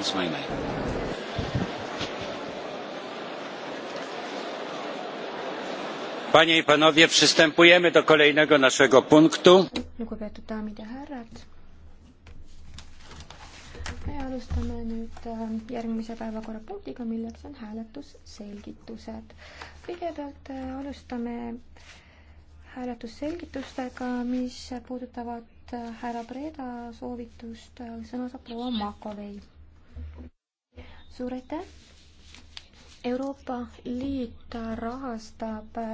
That's my name. Panie i panowie, przystępujemy do kolejnego naszego punktu. Lugupeetud daamid ja härrad. Me alustame nüüd ähm, järgmise päevakorrapunktiga, milleks on hääletusselgitused. Kõigepealt äh, alustame hääletusselgitustega, mis puudutavad äh, härra Breda soovitust, äh, sõna saab proua Makovei suur aitäh! Euroopa Liit rahastab